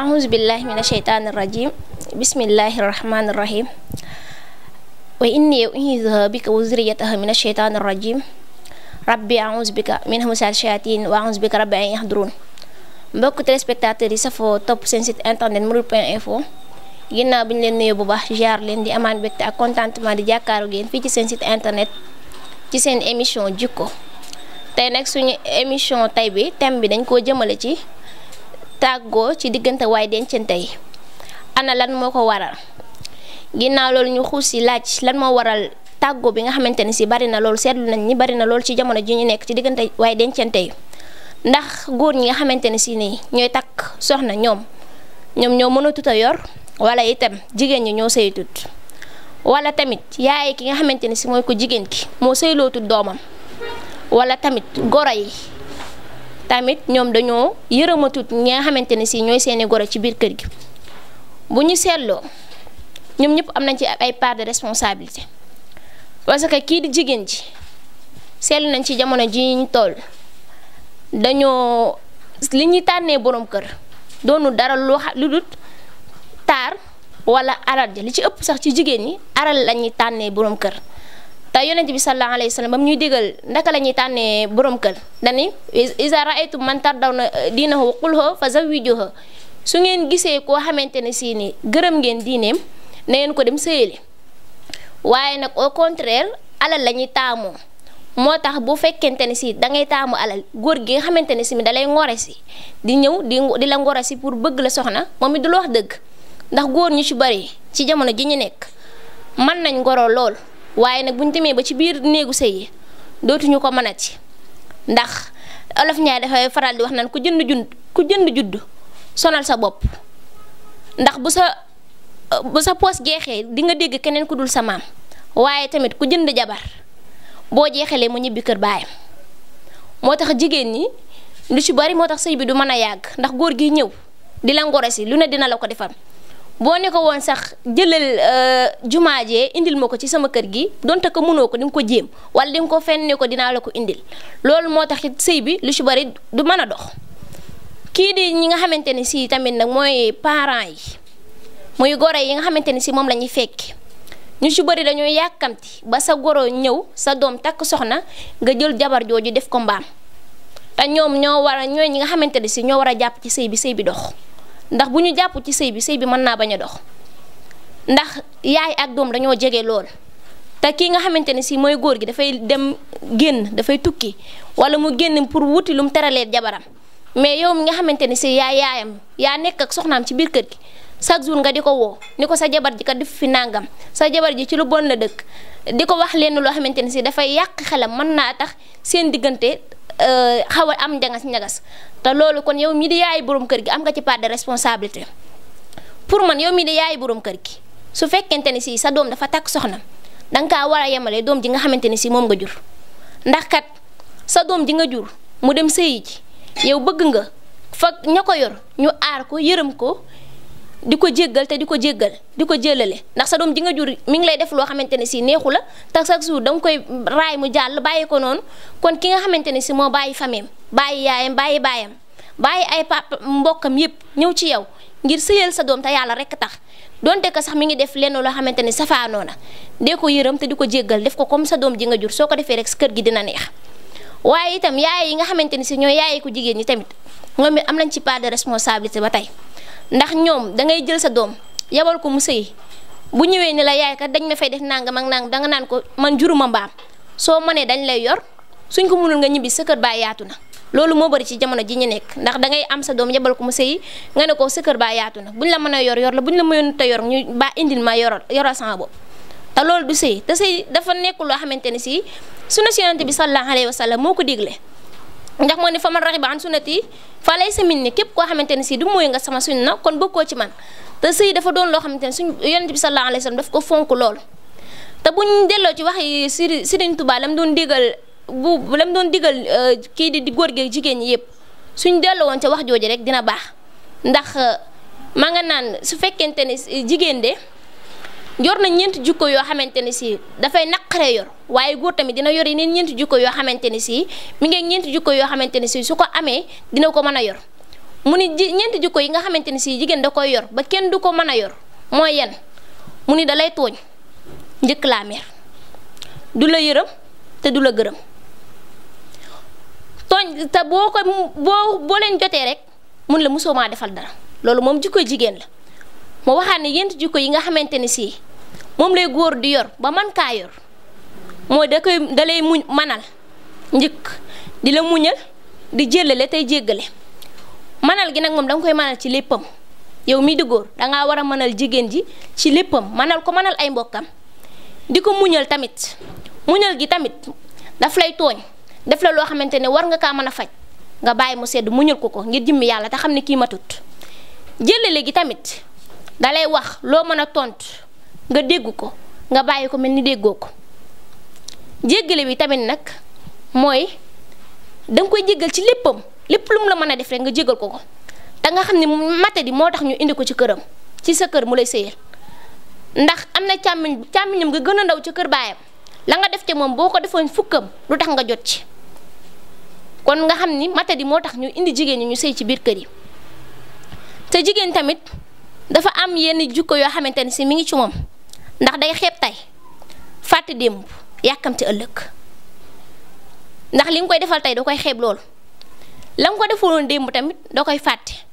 أعوذ بالله من الشيطان الرجيم بسم الله الرحمن الرحيم وإني أعيذها بك وذريتها من الشيطان الرجيم rabbi a'uuzu bika min hamazaati shayaatiin wa a'uuzu bika rabbi an yahduruun mbokk téléspectateurs yi safoo topp seen site internet mourides.info ginnaaw bi ñu leen nuyoo bu baax jaar leen di amaan mbégte ak contentement di jàkkaaru ngeen fii ci seen site internet ci seen émission jikko tey nag suñu émission tey bi thème bi dañ koo jëmale ci tàggoo ci diggante waay dencante yi ana lan moo ko waral ginnaaw loolu ñu xuus si laaj lan moo waral tàggoo bi nga xamante ne si bari na loolu seetlu nañ ni bari na loolu ci jamono ji ñu nekk ci diggante waaye dencante yi ndax góor ñi nga xamante ne si nii ñooy takk soxna ñoom ñoom ñoo mënatut a yor wala itam jigéen ñi ñoo sëytut wala tamit yaay ki nga xamante ne si mooy ko jigéen ki moo sëylootut doomam wala tamit goro yi tamit ñoom dañoo yërëmatut ñi nga xamante ne si ñooy seeni goro ci biir kër gi bu ñu seetloo ñoom ñëpp am nañ ci ay part de responsabilité parce que kii di jigéen ji seetlu nañ ci jamono ji ñu toll dañoo li ñuy tànnee boroom kër doonu dara lu lu dul taar walla alal ja li ci ëpp sax ci jigéen ñi alal la ñuy tànnee boroom kër te yonent bi sallallahu alayhi wa sallam ba mu ñuy digal ndaka la ñuy tànnee borom kër dani iza raaytum man tardawna diinahu qulhu fa zawwijuhu su ngeen gisee koo xamante ne sii nii gërëm ngeen diineem na ngeen ko dem sëyale waaye nag au contraire alal la taamoo moo tax bu fekkente ne si da ngay taamu alal góor gi xamante ne si mi da lay si di ñëw di di la ngore si pour bëgg la soxna moom it du la wax dëgg ndax góor ñu ci bari ci jamono ji ñu nekk mën nañ ngoro lool. waaye nag bu ñu demee ba ci biir néegu sëy yi dootuñu ko mënati ndax olof ñaay dafay faral di wax naan ku jënd jund ku jënd judd sonal sa bopp ndax bu sa bu sa poos jeexee di dégg keneen ku dul sa maam waaye tamit ku jënd jabar boo jeexalee mu ñibbi kër baayam moo tax jigéen ñi lu ci bari moo tax sëy bi du mën a yàgg ndax góor gi ñëw di la ngoro si lu ne dina la ko defar boo ne ko woon sax jëlal euh, jumaa jee indil ma ko ci sama kër gi donte ko mënoo ko di ko jéem wala di ko fenn ko dinaa la ko indil loolu moo tax it sëy bi lu ci bari du mën a dox kii di ñi nga xamante ne si tamit nag mooy parents yi muy goro yi nga xamante ne si moom la ñuy ñu ci bari dañoo yàkkamti ba sa goro ñëw sa doom takk soxna nga jël jabar jooju def ko mbaam te ñoom ñoo war a ñooy ñi nga xamante ne si ñoo war a jàpp ci sëy bi sëy bi dox. ndax bu ñu jàpp ci sëy bi sëy bi mën naa bañ a dox ndax yaay ak doom dañoo jege lool te kii nga xamante ne si mooy góor gi dafay dem génn dafay tukki wala mu génn pour wuti lu mu teralee jabaram mais yow mi nga xamante ni si yaa yaayam yaa nekk ak soxnaam ci biir kër gi chaque jour nga diko wo niko ni sa jabar ji ka def fi nangam sa jabar ji ci lu bon la dëkk diko wax len lo xamanteni ci da fay yak xalam man na tax seen diggante euh a am jangas njagas ta loolu kon yow mi di yaay borom keur gi am nga ci part de responsabilité pour man yow mi di yaay borom keur gi su fekkente ne sa doom dafa tak soxna dang ka wara yamale dom ji nga xamanteni ci mom nga jur ndax kat sa dom ji nga jur mu dem ji yow bëgg nga fa ñako yor ñu aar ko ko di ko jéggal te di ko jéggal di ko jéllale ndax sa doom ji nga jur mi ngi lay def loo xamante ne si neexu la tax chaque jour da nga koy raay mu jàll bàyyi ko noonu kon ki nga xamante ne si moo bàyyi fameem bàyyi yaayam bàyyi baayam bàyyi ay pap mbokkam yëpp ñëw ci yow ngir sëyal sa doom te yàlla rek tax donte ko sax mi ngi def lenn loo xamante ne safaanoo na dee ko yërëm te di ko jéggal def ko comme sa doom ji nga jur soo ko defee rek kër gi dina neex waaye itam yaay yi nga xamante ne si ñooy yaay ko jigéen ñi tamit moom mi am nañ ci part de responsabilité ba tey ndax ñoom da ngay jël sa doom yabal ko mu sëy bu ñëwee ni la yaay kat dañ ma fay def nangam ak nangam danga naan ko man juruma mbaam soo mënee dañ lay yor suñ ko mënul nga ñibbi sa kër baa yaatu na loolu moo bari ci jamono ji ñu nekk ndax da am sa doom yebal ko mu sëyi nga ne ko sa kër baa yaatu na buñ la mën a yor yor la ñu la mënoon te yor ñu baa indil ma yoral yoral sama bopp te loolu du sëy te sëy dafa nekkul loo xamante ne si sunu Yonent bi sallallahu alayhi wa moo ko digle ndax moo ne fa man raxiba an sunnati fa laysa minni képp koo xamante ne si du mooy nga sama sunna kon koo ci man te sëy dafa doon loo xamante ne suñ yonent bi sallallahu alayhi wasallam daf ko fonk loolu te ñu delloo ci wax yi Sëriñ Tuubaa la mu doon digal bu la mu doon digal euh, kii di góor gi jigéen ñi yëpp suñ delloo woon ca wax jooju rek dina baax ndax maa nga naan su fekkente ne jigéen de yor na ñent jukko yo xamanteni ni da fay nakare yor waye goor tamit dina yor yeneen ñent jukko yo xamanteni ni si mi ngi ñent jukko yo xamanteni ni si su ko dina ko mëna yor muni ñent jukko yi nga xamanteni si da koy yor ba kenn du ko mëna yor moy yan muni dalay da lay la mer du la yërëm te du la geureum togn ta boko bo bo len rek mun la musoma defal dara lolu mom jukko jigen la mu waxaat ne yent jikko yi nga xamante ne sii moom lay góor di yor ba man kaa yor mooy da koy da lay muñ manal njëkk di la muñal di jëlale tey jéggale manal gi nag moom da koy manal ci léppam yow mii di góor dangaa war a manal jigéen ji ci léppam manal ko manal ay mbokkam di ko muñal tamit muñal gi tamit daf lay tooñ def la loo xamante ne war nga kaa mën a faj nga bàyyi mu sedd muñal ko ko ngir jimmi yàlla te xam ne kii matut jëlale gi tamit dalay wax loo mën a tontu nga dégg ko nga bàyyi ko mel ni déggoo ko jéggale bi tamit nag mooy da koy jéggal ci léppam lépp lu mu la mën a def rek nga jégal ko ko te nga xam ne matadi moo tax ñu indi ko ci këram ci sa kër mu lay sëyal ndax am na càmmiñ càmmiñam nga gën a ndaw ci kër baayam la nga def te moom boo ko defoon fukkam lu tax nga jot kon nga xam ni matadi moo tax ñu indi jigéen ñi ñu sëy ci biir kër yi te jigéen tamit. dafa am yenn jukko yoo xamante ni si mu ngi ci moom ndax day xeeb tey fàtte démb yàkkamti ëllëg ndax li nga koy defal tey da koy xeeb loolu la nga ko defuloon démb tamit da koy fàtte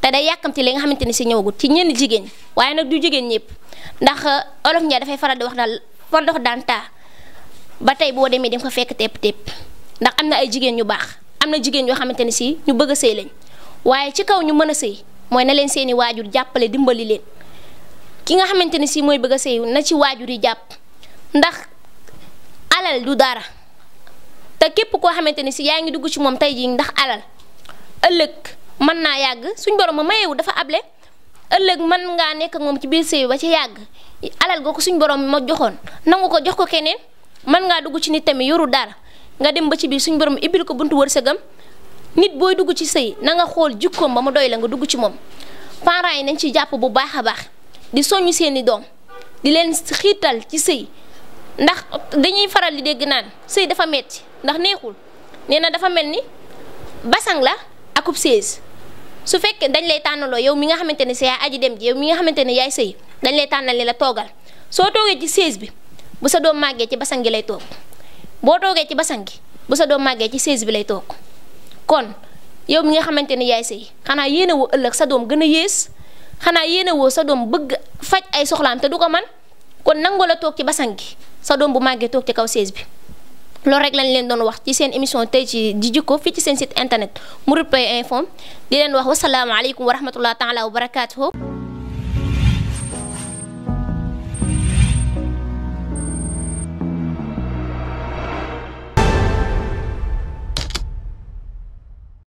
te day yàkkamti li nga xamante ni si ñëwagut ci ñenn jigéen ñi waaye nag du jigéen ñëpp ndax euh, olof Ndiaye dafay faral di wax daal far dox daan taa ba tey boo demee dem fa fekk tepp tepp ndax am na ay jigéen ñu baax am na jigéen yoo xamante ni si ñu bëgg a sëy lañ waaye ci kaw ñu mën a sëy moy na len seeni waajur jappale dimbali len ki nga xamanteni si moy bëgg a na ci waajur yi ndax alal du dara ta kep ko xamanteni si yaangi dugg ci mom tay ji ndax alal ëllëg man na yag suñ borom ma mayewu dafa able ëllëg man nga nek ak moom ci biir sëy ba ci yag alal goko suñ borom mo joxon nangu ko jox ko kenen man nga dugg ci nit tammi yoru dara nga dem ba ci biir suñ borom ibil ko buntu wërsegam nit booy dugg ci sëy na nga xool jikkoom ba ma doy la nga dugg ci moom parent yi dañ ci jàpp bu baax a baax di soññ seeni doom di leen xiital ci sëy ndax dañuy faral di dégg naan sëy dafa metti ndax neexul nee na dafa mel ni basang la akub sées su fekkee dañ lay tànnaloo yow mi nga xamante ne sa yaay aji dem ji yow mi nga xamante ni yaay sëy dañ lay tànnal ni la toogal soo toogee ci sées bi bu sa doom màggee ci basang gi lay toog boo toogee ci basang gi bu sa doom màggee ci sées bi lay toog kon yow mi nga xamante ne yaay sëy xanaa yéene woo ëllëg sa doom gën a yées xanaa yéene woo sa doom bëgg faj ay soxlaam te du ko man kon nangoo la toog ci basan gi sa doom bu màggee toog ci kaw sees bi loolu rek lañ leen doon wax ci seen émission tey ci di jikko fii ci seen site internet Mourid Info di leen wax wasalaamaaleykum wa rahmatulah taala wa barakaatuhu